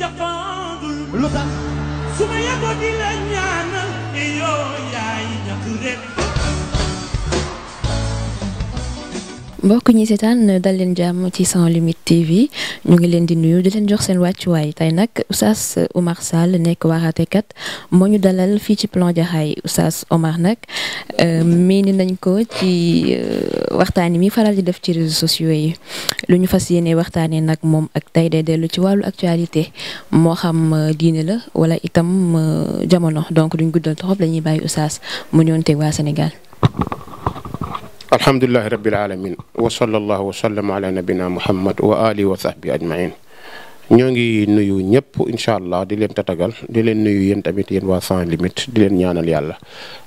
jàppandul lu tax di la ñaanal eh, yow yaay ñàkk rek mbokk ñi seetaan dal leen jàmm ci sans limite TV ñu ngi leen di nuyu di leen jox seen wàccuwaay tey nag oustaz Oumar Sall nekk waaraatekat moo ñu dalal fii ci plan Jaxaay oustaz Oumar nag euh, miin nañ ko ci euh, waxtaan yi mi faral di def ci réseaux sociaux yi lu ñu fas yéene waxtaanee nag moom ak tey day dellu ci wàllu actualité moo xam euh, diine la wala itam jamono donc duñ guddal trop la bàyyi oustaz mu ñoonteeg waa Sénégal. alhamdulilahi rabbil alamin wa sallallahu wa sallam ala nabina muhammad wa alihi wa sahbi ajmain ñoo ngi nuyu ñëpp incha allah di leen tatagal di leen nuyu yéen tamit yéen waa sans limite di leen ñaanal yàlla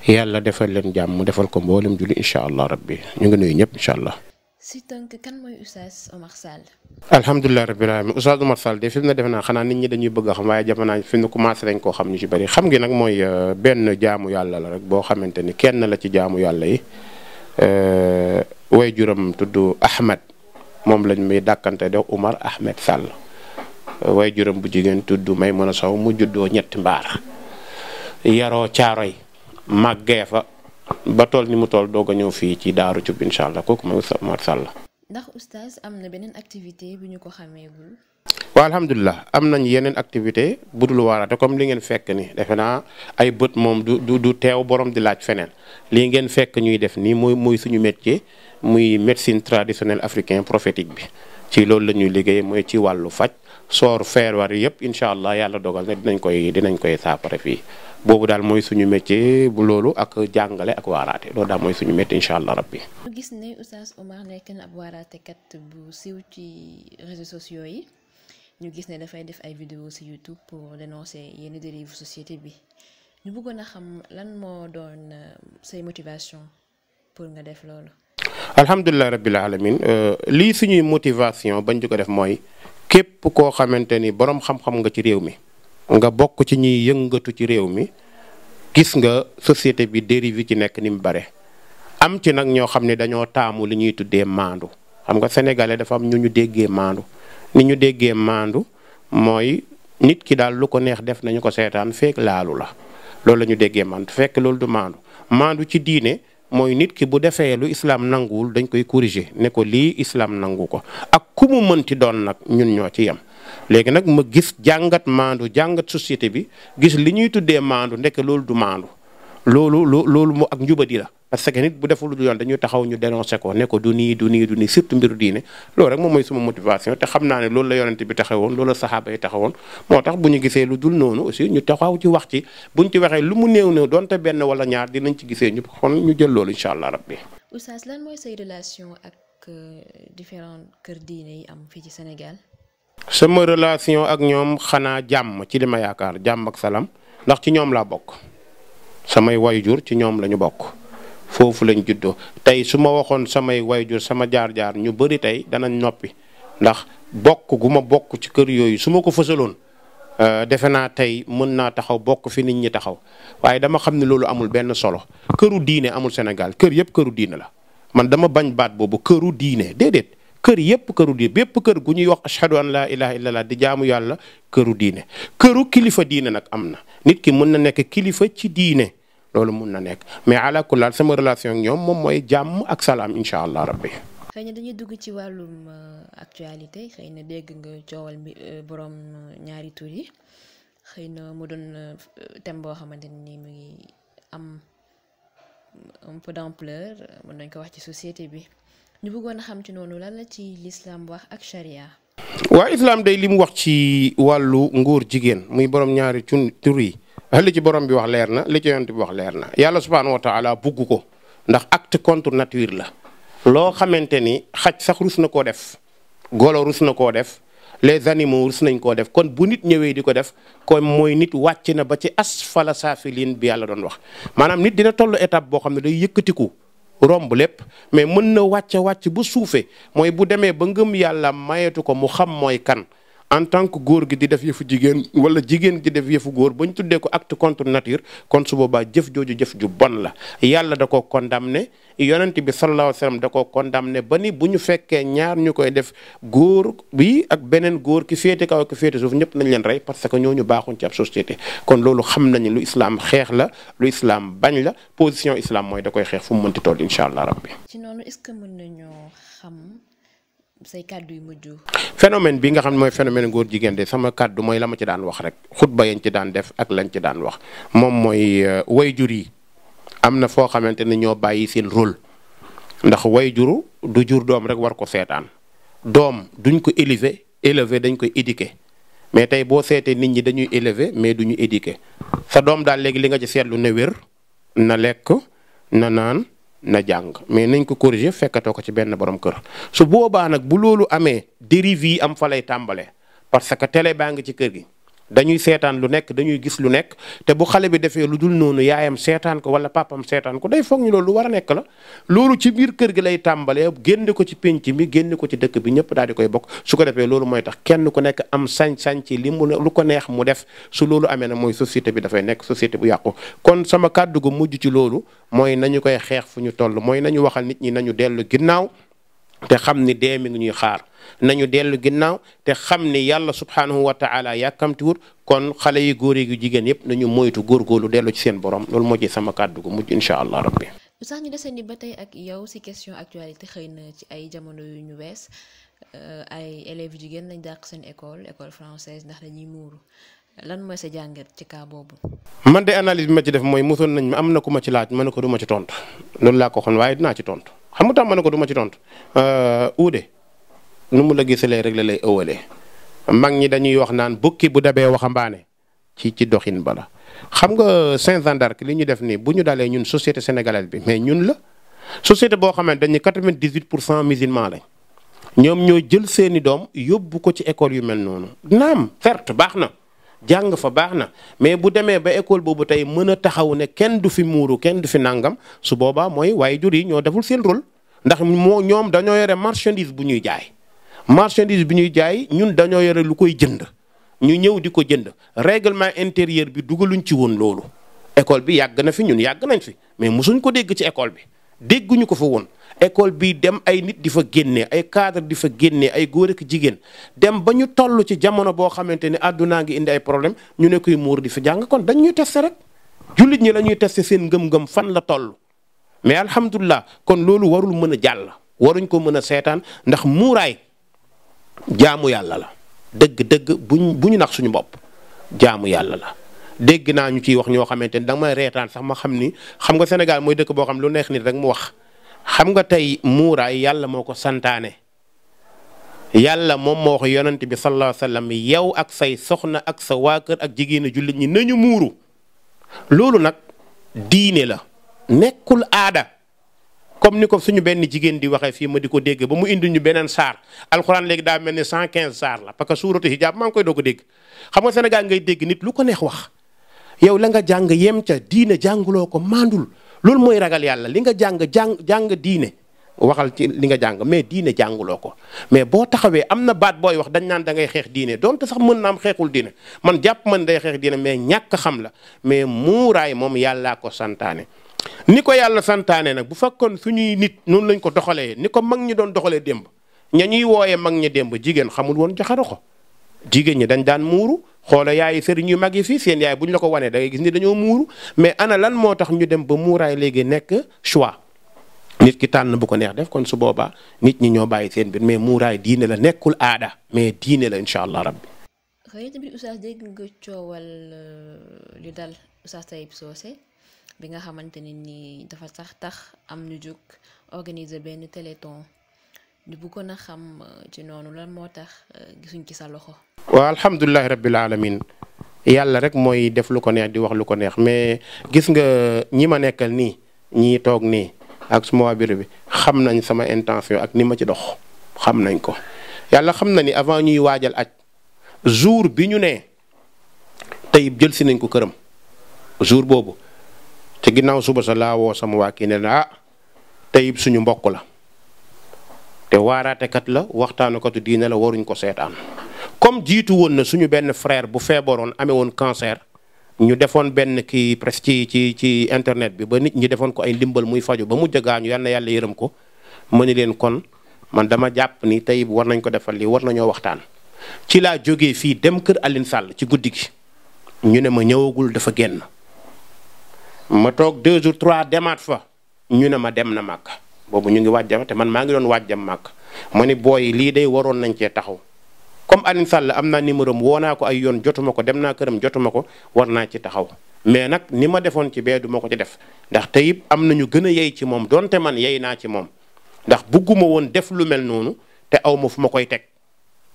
yàlla defal leen mu defal ko mboolem julli incha allah rabbi ñu ngi nuyu ñëpp incha allah. si tënk kan mooy Oustaz Oumar Sall. alhamdulilah rabbil alamin Oustaz Oumar Sall de fi mu ne naa xanaa nit ñi dañuy bëgg a xam waaye jamono fi mu ne commencé ko koo xam ñu ci bëri xam ngi nag mooy euh, benn jaamu yàlla la rek boo xamante ni kenn la ci jaamu yàlla yi. Euh, way juram tudd Ahmed moom lañ muy dàkkante de Umar Ahmed Sall euh, way juram bu jigéen tudd a Sow mu juddoo ñetti mbaar yaroo caaroy màggee fa ba tool ni mu tool doog a ñëw fii ci daaru cub incha allah kooku mooy Oustaz Omar Sall. ndax oustaz am na beneen activité bu ñu ko xameegul waaw alhamdulilah am nañ yeneen activité bu dul waaraate comme li ngeen fekk ni defe naa ay bët moom du du teew borom di laaj feneen lii ngeen fekk ñuy def nii mooy muy suñu métier muy médecine traditionnel africain prophétique bi ci loolu la ñuy liggéey mooy ci wàllu faj soor feerwar yëpp incha allah yàlla dogal na dinañ koy dinañ koy saapare fii boobu daal mooy suñu métier bu loolu ak jàngale ak waaraate loolu daal mooy suñu métier incha allah rabbi. gis ne Oustaz Oumar ñu gis ne dafay def ay vidéo ci YouTube pour dénoncer yenn dérive société bi ñu bëggoon a xam lan moo doon euh, say motivation pour nga def loolu. alhamdulilah rabbil alamin euh, lii suñuy motivation bañ di ko def mooy képp koo xamante ni boroom xam-xam nga ci réew mi nga bokk ci ñuy yëngatu ci réew mi gis nga société bi dérive yi ci nekk ni mu bare am ci nag ñoo xam ne dañoo taamu li ñuy tuddee maandu xam nga sénégalais dafa am ñu ñu déggee maandu. ni ñu déggee maandu mooy nit ki daal lu ko neex def nañu ko seetaan feek laalu la loolu la ñu déggee maandu fekk loolu du maandu maandu ci diine mooy nit ki bu defee lu islaam nanguwul dañ koy corriger ne ko lii islaam nangu ko ak ku mu mënti doon nag ñun ñoo ci yem. léegi nag ma gis jàngat maandu jàngat société bi gis li ñuy tuddee maandu ndekk loolu du maandu. loolu loo loolu moo ak njubadi la parce que nit bu deful du yoon dañuy taxaw ñu dénoncé ko ne ko du nii du nii du nii surtout mbiru diine loolu rek moom mooy suma motivation te xam naa ne loolu la yonente bi taxawoon loolu la saxaaba yi taxawoon moo tax bu ñu gisee lu dul noonu aussi ñu taxaw ci wax ci buñ ci waxee lu mu néew néew doonte benn wala ñaar dinañ ci gisee ñu kon ñu jël loolu incha allah rabbi oustaz lan mooy say relation ak euh, différents kër diine yi am fii ci Sénégal. sama relation ak ñoom xanaa jàmm ci li yaakaar jàmm ak salaam ndax ci ñoom laa bokk. samay wayjur ci ñoom la ñu bokk foofu lañ juddoo tey su ma waxoon samay wayjur sama jaar-jaar ñu bari tey danañ noppi ndax bokk gu ma bokk ci kër yooyu su ma ko fësaloon euh, defe naa tey mën naa taxaw bokk fi nit ñi taxaw waaye dama xam ne loolu amul benn solo këru diine amul Sénégal kër yëpp këru diine la man dama bañ baat boobu këru diine déedéet kër yëpp këru diine bépp kër gu ñuy wax ashhadu an laa ilaha illallah di jaamu yàlla këru diine këru kilifa diine nag am na nit ki mën na nekk kilifa ci diine loolu mun na nekk mais ala kulal sama relation ak ñoom moom mooy jàmm ak salaam incha allah rabbi. xëy na dañuy dugg ci wàllum euh, actualité xëy na dégg nga coowal bi euh, borom euh, ñaari tur yi xëy na mu doon thème boo xamante ni mu ngi am un peu d'ampleur mën nañ ko wax ci société bi. ñu bëggoon a xam ci noonu lan ci lislaam wax ak sharia. waa islaam day li mu wax ci wàllu ngóor jigéen muy borom ñaari cun tur yi li ci borom bi wax leer na li ci yonent bi wax leer na yàlla subhaanahu wa taala bugg ko ndax acte contre nature la. loo xamante ni xaj sax rus na koo def golo rus na koo def les animaux rus nañ koo def kon bu nit ñëwee di ko def kon mooy nit wàcc na ba ci asfala saafiliin bi yàlla doon wax maanaam nit dina toll étape boo xam ne day yëkkatiku. romb lépp mais mën na wàcce wàcc bu suufee mooy bu demee ba ngëm yàlla mayetu ko mu xam mooy kan en tant que góor gi di def yëfu jigéen wala jigéen di def yëfu góor ba ñu tuddee ko acte contre nature kon su boobaa jëf jooju jëf ju bon la yàlla da koo ne yonent bi sallallahu alayhi wa ko kon koo ne ba ni bu ñu fekkee ñaar ñu koy def góor bi ak beneen góor ki féete kaw ki féete suuf ñëpp nañ leen rey parce que ñooñu baaxuñ ci ab société kon loolu xam nañu lu islaam xeex la lu islam bañ la position islaam mooy da koy xeex fu mu mënti toll incha allah rabbi. say kàddu mujj. phénomène bi nga xam mooy phénomène góor jigéen de sama kàddu mooy la ci daan wax rek xutba yañ ci daan def ak lañ ci daan wax moom mooy euh, way jur yi am na foo xamante ne ñoo bàyyi seen rôle ndax wayjuru du jur doom rek war ko seetaan doom duñ ko élever élever dañ koy éduquer mais tey boo seetee nit ñi dañuy élever mais du duñu éduquer sa doom daal léegi li nga ci seetlu ne wér na lekk na naan. na jàng mais nañ ko corriger fekkatoo ko ci benn borom kër su boobaa nag bu loolu amee dérive yi am fa lay tàmbale parce que télé baa ngi ci kër gi. dañuy seetaan lu nekk dañuy gis lu nekk te bu xale bi defee lu dul noonu yaayam seetaan ko wala papam seetaan ko day foog ñu loolu lu war a nekk la loolu ci biir kër gi lay tàmbalee génne ko ci pénc mi génne ko ci dëkk bi ñëpp daal di koy bokk su ko defee loolu mooy tax kenn ku nekk am sañ ci li mu lu ko neex mu def su loolu amee na mooy société bi dafay nekk société bu yàqu kon sama kàddu gu mujj ci loolu mooy nañu koy xeex fu ñu toll mooy nañu waxal nit ñi nañu dellu ginnaaw te xam ni dee mi ñuy xaar nañu dellu ginnaaw te xam ni yàlla subhaanahu wa taala yàkkamtiwut kon xale yi góor yi jigéen yëpp nañu moytu góorgóorlu dellu ci seen borom loolu moo ci sama kàddu gu mujj incha allah rabbi sax ñu desandi ba tey ak yow si question actualité xëy na ci ay jamono yu ñu wees euh, ay élèves jigéen lañ dàq seen école école française ndax dañuy muuru lan mooy sa jàngat ci cas man de analyse bi ma ci def mooy mosoon nañ ma am na ku ma ci laaj ma ne ko du ma ci tontu loolu laa ko xoon waaye dinaa ci tontu xam nga tax ma ne ko du ci tontu uude euh, nu mu la gisalee rek la lay ëwalee mag ñi dañuy wax naan bukki bu dabee waxambaane ci ci doxin bala xam nga Saint-Jean d'Arc li ñu def nii bu ñu dalee ñun société sénégalaise bi mais ñun la société boo xamante dañu 98 pour cent musulman lañ ñoom ñoo jël seeni doom yóbbu ko ci école yu mel noonu naam certes baax na jàng fa baax na mais bu demee ba école boobu tey mën a taxaw ne kenn du fi muuru kenn du fi nangam su boobaa mooy waaye jur yi ñoo deful seen rôle ndax moo ñoom dañoo yore bu ñuy jaay. marchandise bi ñuy jaay ñun dañoo yore lu koy jënd ñu ñëw di ko jënd règlement intérieur bi dugaluñ ci woon loolu école bi yàgg na fi ñun yàgg nañ fi mais mosuñ ko dégg ci école bi dégguñu ko fa woon école bi dem ay nit di fa génnee ay cadre di fa génnee ay góor ak jigéen dem ba ñu toll ci jamono boo xamante ni àddunaa ngi indi ay problème ñu ne koy muur di fi jàng kon dañ ñuy tester rek jullit ñi la ñuy tester seen ngëm-ngëm fan la toll mais alhamdulilah kon loolu warul mën a jàll waruñ ko mën a seetaan ndax muuraay jaamu yàlla la dëgg-dëgg buñ bu ñu nax suñu bopp jaamu yàlla la dégg naa ñu ciy wax ñoo xamante ni danga may reetaan sax ma xam ni xam nga Sénégal mooy dëkk boo xam lu neex nit rek mu wax xam nga tey muuraay yàlla moo ko santaane yàlla moom moo ko yonent bi sallallahu alayhi wa sallam yow ak say soxna ak sa waa kër ak jigéenu jullit ñi nañu muuru loolu nag diine la nekkul aada. comme ni ko suñu benn jigéen di waxee fii ma di ko dégg ba mu indi ñu beneen saar alxuraan léegi daa mel ni 115 saar la parce que suuratu hijab maa koy doog a dégg xam nga Sénégal ngay dégg nit lu ko neex wax yow la nga jàng yem ca diine jànguloo ko maandul loolu mooy ragal yàlla li nga jàng jàng jàng diine waxal ci li nga jàng mais diine jànguloo ko mais boo taxawee am na baat booy wax dañ naan dangay xeex diine donte sax mën na am xeexul diine man jàpp man day xeex diine mais ñàkk xam la mais muuraay moom yàllaa ko santaane ni ko yàlla santaane nag bu fekkoon suñuy nit noonu lañ ko doxalee ni ko mag ñi doon doxalee démb ña ñuy wooyee mag ñi démb jigéen xamul woon jaxara ko jigéen ñi dañ daan muuru xoola yaayi sëriñ yu mag yi fii seen yaay bu ñu la ko wanee da gis ni dañoo muuru mais ana lan moo tax ñu dem ba muuraay léegi nekk choix nit ki tànn bu ko neex def kon su boobaa nit ñi ñoo bàyyi seen biir mais muuraay diine la nekkul aada mais diine la incha allah rabbi. xëy na tamit oustaz dégg nga euh, bi nga xamante ne ni dafa sax tax am ñu jóg organiser benn téléthon ñu bëggoon a xam euh, ci noonu lan moo tax euh, gisuñ ci sa loxo. waa alhamdulilah rabbil alamin yàlla rek mooy def lu ko neex di wax lu ko neex mais gis nga ñi ma nekkal nii ñii toog nii ak suma waa bureau bi xam nañ sama intention ak ni ma ci dox xam nañ ko yàlla xam na ni avant ñuy waajal aj jour bi ñu ne tey jël si nañ ko këram jour boobu. te ginnaaw suba sa laawoo sama waa kii ne ah tayib suñu mbokk la te waaraatekat la waxtaanukatu diine la waruñ ko seetaan comme jiitu woon na suñu benn frère bu feebaroon amee woon cancer ñu defoon benn kii presque ci ci ci internet bi ba nit ñu defoon ko ay ndimbal muy faju ba mujj gaañu yal na yàlla yërëm ko ma ni leen kon man dama jàpp ni tayib war nañ ko defal lii war nañoo waxtaan ci laa jóge fii dem kër Alioune Sall ci guddi gi ñu ne ma ñëwagul dafa génn. ma toog deux jours trois demaat fa ñu ne ma dem na màkk boobu ñu ngi wàjjam te man maa ngi doon wàjjam màkk ma ni booy lii day waroon nañ cee taxaw comme Alioune Sall am naa numéro am woo naa ko ay yoon jotuma ko dem naa këram jotuma ko war naa ci taxaw mais nag ni ma defoon ci bee du ma ko ci def ndax te tey am na ñu gën a yey ci moom donte man yey naa ci moom ndax bugguma woon def lu mel noonu te awma fu ma koy teg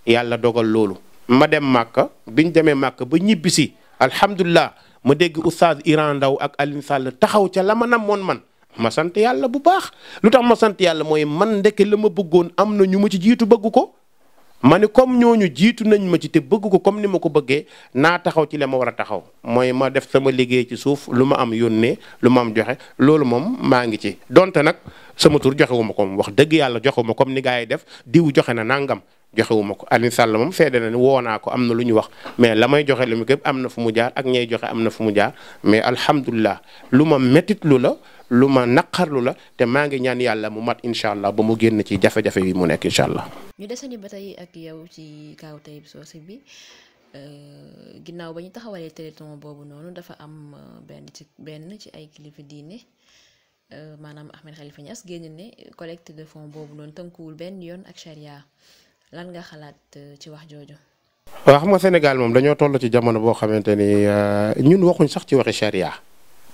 yàlla dogal loolu ma dem màkk biñ demee màkk ba ñibbisi alhamdulilah ma dégg oustaz Iran Ndaw ak Alioune Sall taxaw ca la ma namoon man ma sant yàlla bu baax lu tax ma sant yàlla mooy man ndeke la ma bëggoon am na ñu ma ci jiitu bëggu ko ma ni comme ñooñu jiitu nañ ma ci te bëgg ko comme ni ma ko bëggee naa taxaw ci la ma war a taxaw mooy ma def sama liggéey ci suuf lu ma am yónnee lu ma am joxe loolu moom maa ngi ci donte nag sama tur joxewuma ko wax dëgg yàlla joxewuma comme ni gaa yi def diw joxe na nangam joxewuma ko Alioune Sall moom seede na ne woo naa ko am na lu ñu wax mais lamay joxe lu mu képp am na fu mu jaar ak ñay joxe am na fu mu jaar mais alhamdulilah lu ma métit lu la lu ma naqarlu la te maa ngi ñaan yàlla mu mat incha allah ba mu génn ci jafe-jafe yi mu nekk incha allah. ñu desandi ba tey ak yow ci kaw Taib Socé bi euh, ginnaaw ba ñu taxawalee téléthon boobu noonu dafa am euh, benn ci benn ci ay kilifa diine euh, maanaam Ahmed Khalifa Niass génn ne collecte de fonds boobu noonu tënkuwul benn yoon ak charia. lan nga xalaat euh, ci wax jooju. waaw xam nga Sénégal moom dañoo toll ci jamono boo xamante ni euh, ñun waxuñ sax ci waxi charia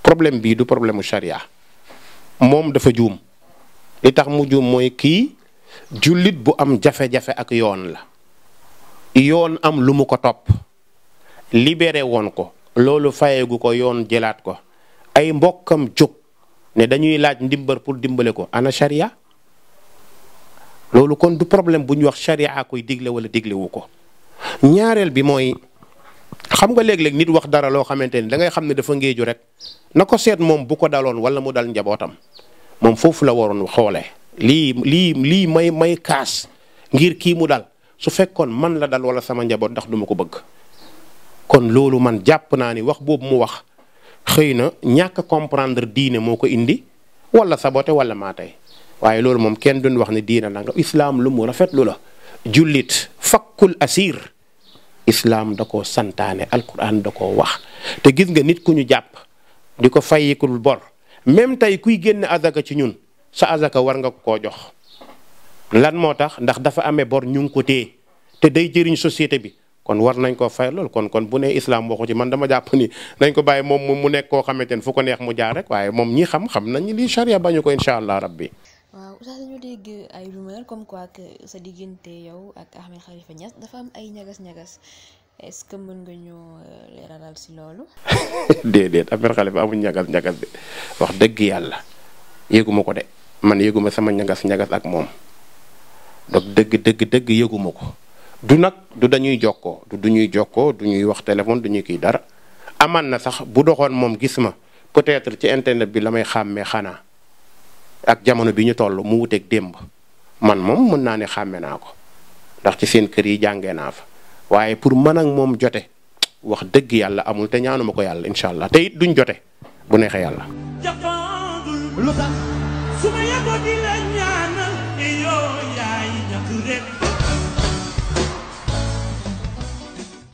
problème bii du problème mu charia moom dafa juum li tax mu juum mooy kii jullit bu am jafe-jafe ak yoon la yoon am lu mu ko topp libéré woon ko loolu fayeegu ko yoon jëlaat ko ay mbokkam jóg ne dañuy laaj ndimbar pour dimbale ko ana charia loolu kon du problème bu ñu wax sharia koy digle wala diglewu ko ñaareel bi mooy xam nga léeg-léeg nit wax dara loo xamante ni da ngay xam ne dafa ngéeju rek na ko seet moom bu ko daloon wala mu dal njabootam moom foofu la waroon xoolee. lii lii lii may may kaas ngir kii mu dal su fekkoon man la dal wala sama njaboot ndax duma ko bëgg kon loolu man jàpp naa ni wax boobu mu wax xëy na ñàkk comprendre diine moo ko indi wala saboté wala maa tey waaye loolu moom kenn duñ wax ne diina nanga islaam lu mu rafet lu la jullit fakkul asir islaam da koo santaane alquran da koo wax te gis nga nit ku ñu jàpp di ko fayikul bor même tey kuy génn azaka ci ñun sa azaka war nga koo jox lan moo tax ndax dafa amee bor ñu ngi ko téye te day jëriñ société bi kon war nañ koo fay lool kon kon bu nee islam waxu ci man dama jàpp ni nañ ko bàyyi moom mu nekk koo xamante ne fu ko neex mu jaar rek waaye moom ñi xam xam nañ ni lii ko incha allah rabbi waaw sax dañu dégg ay rumeur comme quoi que sa diggante yow ak Ahmed Khalifa Niass dafa am ay ñagas-ñagas est mën nga ñu euh, leeralal si loolu. déedéet Ahmed Khalifa amul ñagas-ñagas wax dëgg yàlla yëguma ko de man yëguma sama ñagas-ñagas ak moom donc dëgg dëgg dëgg yëguma ko du nag du dañuy jokkoo du ñuy jokkoo du ñuy wax téléphone du ñuy kii dara amaan na sax bu doxoon moom gis ma peut-être ci internet bi la may xàmmee xanaa. ak jamono bi ñu toll mu wuteeg démb man moom mën naa ne xàmme naa ko ndax ci seen kër yi jàngee naa fa waaye pour mën ak moom jote wax dëgg yàlla amul te ñaanuma ko yàlla incha allah te it duñ jote bu neexee yàlla.